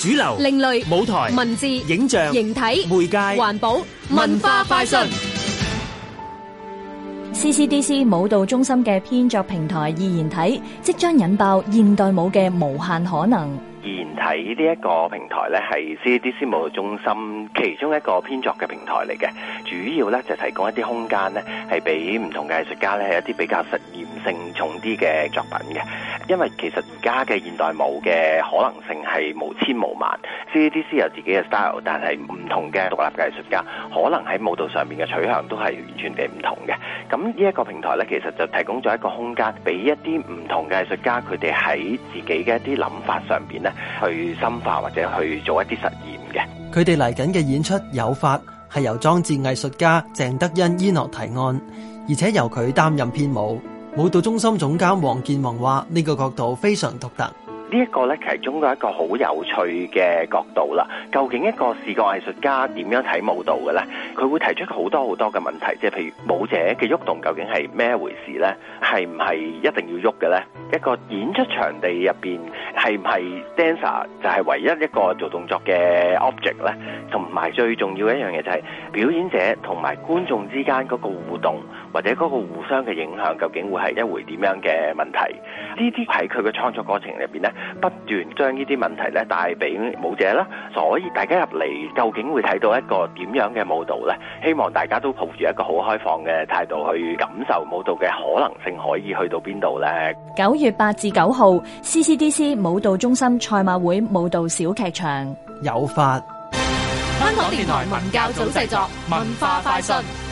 主流、另類、舞台、文字、影像、形體、媒介、環保、文化快訊。CCDC 舞蹈中心嘅編作平台二言體，即將引爆現代舞嘅無限可能。喺呢一個平台咧，係 C D C 舞蹈中心其中一個編作嘅平台嚟嘅，主要咧就是、提供一啲空間咧，係俾唔同嘅藝術家咧，係一啲比較實驗性重啲嘅作品嘅。因為其實而家嘅現代舞嘅可能性係無千無萬，C D C 有自己嘅 style，但係唔同嘅獨立嘅藝術家可能喺舞蹈上面嘅取向都係完全地唔同嘅。咁呢一個平台咧，其實就提供咗一個空間，俾一啲唔同嘅藝術家，佢哋喺自己嘅一啲諗法上邊咧去。去深化或者去做一啲實驗嘅，佢哋嚟緊嘅演出有法係由裝置藝術家鄭德恩伊諾提案，而且由佢擔任編舞。舞蹈中心總監黃建宏話：呢個角度非常獨特。呢一個咧，其中都係一個好有趣嘅角度啦。究竟一個視覺藝術家點樣睇舞蹈嘅咧？佢會提出好多好多嘅問題，即係譬如舞者嘅喐動究竟係咩回事咧？係唔係一定要喐嘅咧？一個演出場地入邊。係唔係 dancer 就係唯一一個做動作嘅 object 呢？同埋最重要一樣嘢就係表演者同埋觀眾之間嗰個互動或者嗰個互相嘅影響，究竟會係一回點樣嘅問題？呢啲喺佢嘅創作過程入邊呢，不斷將呢啲問題呢帶俾舞者啦。所以大家入嚟究竟會睇到一個點樣嘅舞蹈呢？希望大家都抱住一個好開放嘅態度去感受舞蹈嘅可能性，可以去到邊度呢？九月八至九號，CCDC。舞蹈中心賽馬會舞蹈小劇場有法。香港電台文教組製作文化快訊。